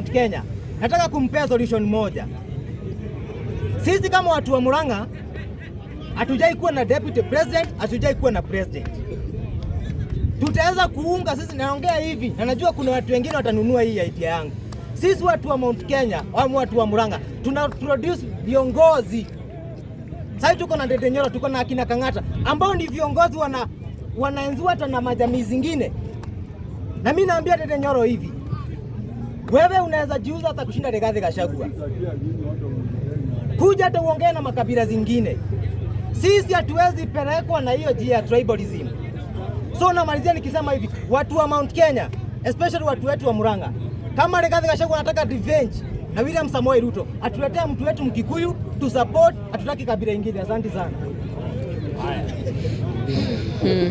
Mount Kenya, nataka kumpea solution moja. Sisi kama watu wa Murang'a hatujai kuwa na deputy president, hatujai kuwa na president. Tutaweza kuunga sisi, naongea hivi na najua kuna watu wengine watanunua hii idea yangu. Sisi watu wa Mount Kenya au watu wa Murang'a tuna produce viongozi sasa. Tuko na Ndede Nyoro, tuko na akina Kang'ata ambao ni viongozi wana wanaenzua hata na majamii zingine, na mimi naambia Ndede Nyoro hivi wewe unaweza jiuza hata kushinda Rigathi Gachagua. Kuja hata uongee na makabila zingine. Sisi hatuwezi pelekwa na hiyo jia ya tribalism. So namalizia nikisema hivi, watu wa Mount Kenya, especially watu wetu wa Murang'a, kama Rigathi Gachagua anataka revenge na William Samoei Ruto, atuletea mtu wetu Mkikuyu tu support, hatutaki kabila ingine. Asante sana. Hmm.